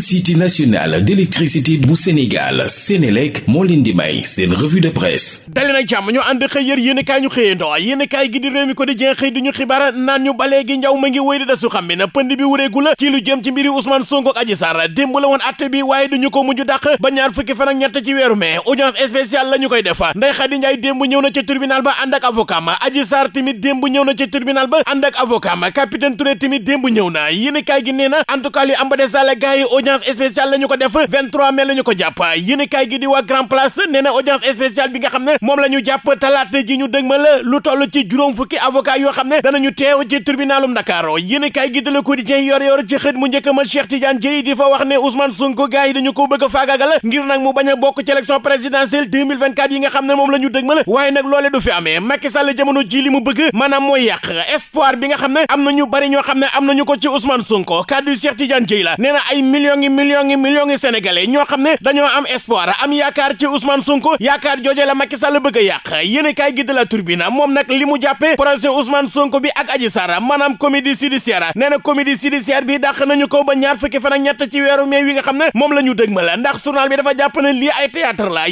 société nationale d'électricité bu Sénégal Sénélec moo leen di may seen revue de presse dali na jàmm ñu ànd xëy yër yéen i kaay ñu xëyandoo yéen i kaay gi di réew ko di jeex xëy di gi di desu na pënd ko mujj dàq ba ñaar fukki fan ak ñett ci weeru koy def Ndeye Khady Ndiaye démb ñëw na ca tribunal ba ànd ak avocat ma Adji Sarr tamit démb ñëw na ca tribunal ba ànd ak avocat ma capitaine Touré tamit démb ñëw na yéen i gi nee na en tout cas li am ba audience spéciale la ñu ko def 23 mai la ko jàpp yéenekaay gi di waa Grand Place nee na audience bi nga xam ne moom la jàpp talaata ji ñu dëgmal lu toll ci juróom fukki avocat yoo xam ne danañu teew ci tribunalum Dakar yéenekaay gi di Le Quotidien yor yor ci xët mu njëkk ma Cheikh Tidiane Dièye di fa wax ne Ousmane Sonko gars yi dañu ko bëgg a faagaagal ngir nag mu bañ a bokk ci élection présidentielle 2024 yi nga xam ne moom la ñu dëgmal waaye nag loolee am na millions yi millions yi millions yi sénégalais ñoo xam ne dañoo am espoir am yaakaar ci Ousmane Sonko yaakaar la Macky Sall bëgg a yàq yéen i kaay gi de la turbine moom nag li mu jàppee projet Sonko bi ak Adji Sarr maanaam comédie na xam ne moom la ñu dëgmal ndax journal bi dafa jàpp ne lii ay théâtre la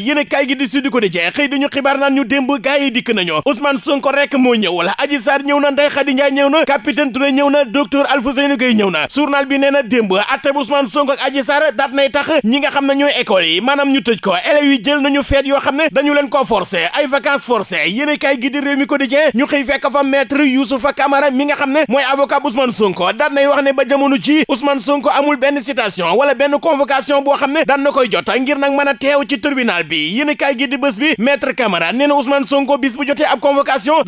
ko di jee xëy diñu xibaar naan ñu démb gars yi dikk nañu Sonko rek moo ñëw wala Adji ñëw na Ndeye Khady Ndiaye ñëw na capitaine Touré ñëw na docteur Alfousseyni Gueye ñëw na journal bi nee na démb Sonko ak Adji Sarr daat nay tax ñi nga xam ne ñooy école yi maanaam ñu tëj ko élèves yi jël nañu feet yoo xam ne dañu leen koo forcé ay vacances forcées yéen kay gi di Rewmi ñu xëy fekk fa maître Youssoufa mi nga xam ne mooy avocat bu Ousmane Sonko daat wax ne ba jamono ji Ousmane amul benn citation wala benn convocation boo xam ne daan koy jot ngir nag mën a teew ci tribunal bi yéen kay gi di bés bi maître Camara nee na Ousmane Sonko ab convocation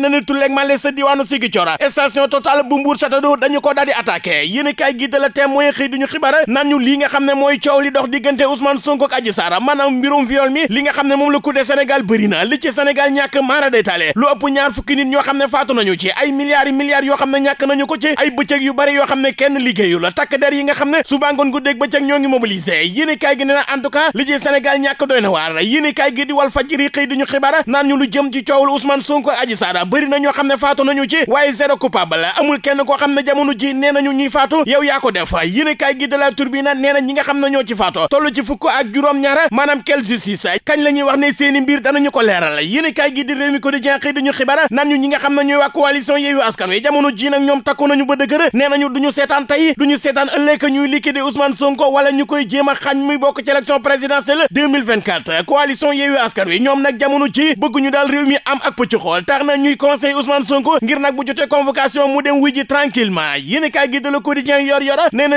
mel na ni tulleeg male sa diwaanu Ziguinchor station Total bu Mbour Château d'Eau dañu ko daal di attaqué yéen a kaay gi de la Témoin xëy duñu xibaar ñu lii nga xam ne mooy coow li dox diggante Ousmane Sonko ak Adji Sarr maanaam mbirum viol mi li nga xam ne moom la coûté senegal bëri na li ci Sénégal ñàkk maara détaillé lu ëpp ñaar fukki nit ñoo xam ne faatu nañu ci ay milliards yi milliards yoo xam ne ñàkk nañu ko ci ay bëccëg yu bari yoo xam ne kenn liggéeyu la takk der yi nga xam ne suba ngoon guddeeg bëccëg ñoo ngi mobilisé ne en tout cas li ñàkk doy na kaay gi di Walf Fadjri xëy duñu xibaar naan ñu lu jëm ci coowul Ousmane Sonko Adji Sarr bëri na ñoo xam ne faatu nañu ci waaye zéro coupable amul kenn koo xam ne jamono ji nee nañu ñuy faatu yow yaa ko def yéen kaay gi de la turbine nee na ñi nga xam ne ñoo ci faatu toll ci fukk ak juróom-ñaara maanaam quelle justice kañ la wax ne seeni mbir danañu ko leeral yéen kaay gi di réew mi ko di jenqi di ñu xibaar nga xam ne ñooy waa coalition Yewwi Askan Wi jamono ji nag ñoom takku nañu ba dëgër nee nañu duñu seetaan tey duñu seetaan ëllëg ñuy liquider Ousmane wala ñu koy jéem a xañ muy bokk ci élection présidentielle 2024 coalition Yewwi Askan Wi ñoom nag jamono ji bëgguñu daal réew mi am ak pëcc xool tax na ñuy conseil Ousmane Sonko ngir nag bu jotee convocation mu dem wuy ji tranquillement yéen kaay gi de Le Quotidien yor yora nee na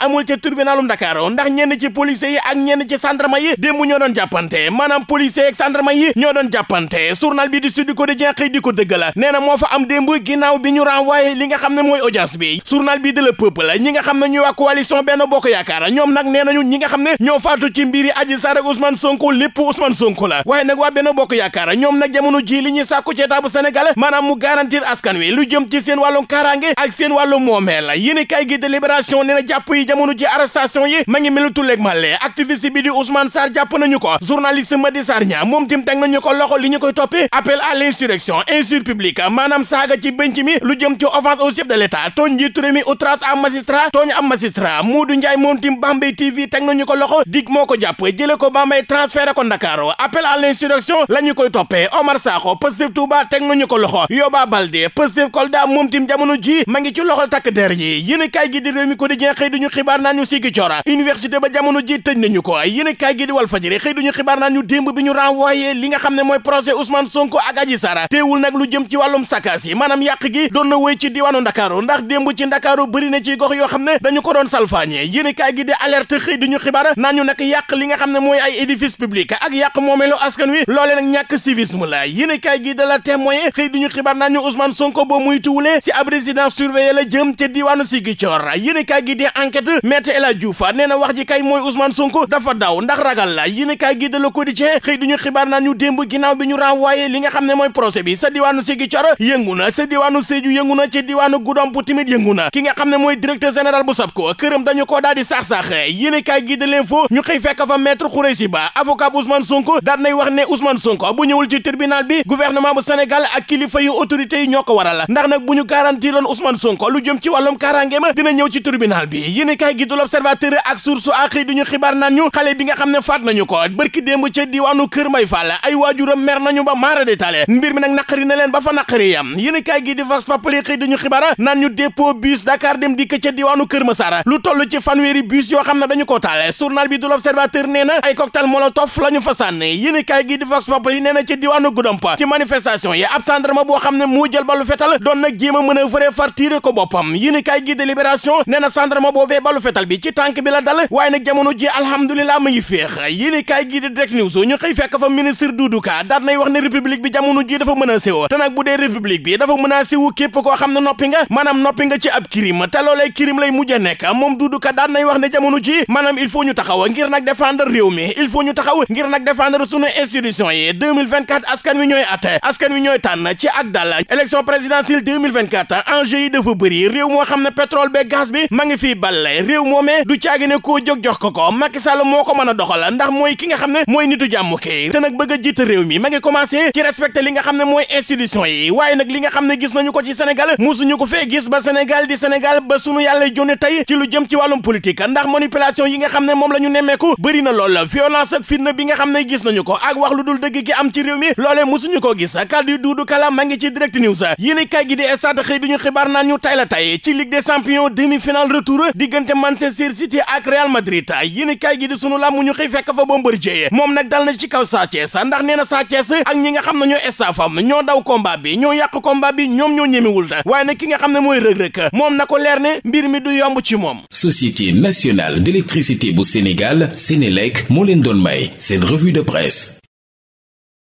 amul ca tribunalum Dakar ndax ñenn ci policiers yi ak ñenn ci gendarme yi démb ñoo doon jàppante maanaam policiers ak gendarme yi ñoo doon jàppante journal bi di Sud Quotidien xëy di ko dëggala nee na moo fa am démb ginnaaw bi ñu renvoyé li nga xam ne mooy audience bi journal bi de Le Peuple xam ne ñoo faatu ci ci état mu garantir askan wi lu jëm ci seen wàllum kaaraange ak seen wàllum moomeel yéen i kaay gi de libération na jàpp yi jamono ji arrestation yi ma ngi melu tulleeg male bi di Ousmane Sarr jàpp nañu ko journaliste Madi Sarña moom tim teg nañu ko loxo li ñu koy toppee appel à l'insurrection injure publique maanaam saaga ci benc lu jëm ci offense au chef de l'état tooñ njiitu réew mi outrage à magistrat tooñ am magistrat tim Bambey TV teg nañu ko loxo dig moo ko jàpp jële teg nañu ko loxo Yoba Balde Pastef Kolda moom tim jamono ji ma ngi ci takk der yi yéen kaay gi di réew mi ko di xëy duñu ñu gi di wal fajëri xëy duñu xibaar naan ñu démb bi ñu renvoyé li nga xam ne mooy procès Ousmane Sonko ak Adji Sarr teewul nag lu jëm ci wàllum sakkaas yi maanaam yàq gi doon na wéy ci diwaanu Ndakaaru ndax démb ci Ndakaaru bëri na ci gox yoo xam ne dañu ko doon salfaañe yéen kaay gi di alerte xëy duñu xibaar naan ñu nag yàq li nga xam ne mooy ay édifice public ak yàq moomeelu les moyens xëy duñu xibaar naan ñu Ousmane Sonko boo muy tuwulee si a résidence surveillée la jëm ca diiwaanu Ziguinchor yéen kaay kay mooy Ousmane Sonko dafa daw ndax ragal la yéen kaay gi de Le Quotidien bi ñu renvoyé li nga xam ne mooy procès bi sa diiwaanu Ziguinchor yëngu na sa diiwaanu Sédhiou yëngu na ca diiwaanu Goudomp timit yëngu na ki nga xam ne mooy directeur général bu SAPCO këram dañu koo daal di sax-sax yéen kaay gi de L'Info ñu xëy fekk fa maître Khoureysi Ba avocat bu Ousmane Sénégal ak kilifa yu autorité yi di vox populi diwaanu Kër lu toll ci fanweeri bus yoo xam ne dañu ko taale journal bi du l'observateur nee na ay cocktail molotov la ñu fa sànni yéen kaay gi di vox populi nee na diwaanu Goudomp ci manifestation manifestation ab gendarme boo xam ne moo balu fetal doon na jéem a far tiire ko boppam yéen i kaay gi délibération nee na gendarme boobee balu fetal bi ci tànk bi la dal waaye nag jamono ji alhamdulilah mu ngi féex yéen i kaay gi di direct news ñu xëy fekk fa ministre Doudou Ka daat nay wax ne république bi jamono ji dafa menacé woo te nag xam ne noppi nga maanaam noppi nga ci ab crime te loolee crime lay mujj a nekk moom Doudou Ka daat nay wax wi ñooy tànn ci ak dal élection présidentielle 2024 enjeu yi dafa bëri réew moo xam ne pétrole be gaz bi ma ngi fii balle réew moomee du caagi ne koo jóg jox ko ko Macky Sall moo ko mën a doxal ndax mooy ki nga xam ne mooy nitu jàmm kay te nag bëgg a réew mi ma ngi commencé ci respecté li nga xam ne mooy institution yi waaye nag li nga xam ne gis nañu ko ci Sénégal musuñu ko fee gis ba Sénégal di Sénégal ba sunu yàlla jóne tey ci lu jëm ci wàllum politique ndax manipulation yi nga xam ne moom la ñu nemmeeku bëri na lool violence xam ne gis nañu ko ak wax lu dul dëgg gi am ci réew mi loolee musuñu ko gis di Doudou Kala ma ngi ci direct news yéen i kaay gi di stade xëy di ñu xibaar naan ñu tay la ci Ligue des champions demi-finale retour diggante Manchester City ak Real Madrid yéen i kaay gi di sunu làmb ñu xëy fekk fa Bombardier moom nag dal na ci kaw Sa Thiès ndax na Sa Thiès ak ñi nga xam ne ñoo staffam ñoo daw combat bi ñoo yàq combat bi ñoom ñoo ñemewul da waaye na ki nga xam ne mooy rëg-rëg moom na ko leer ne mbir mi du yomb ci moom Société nationale leen doon may seen revue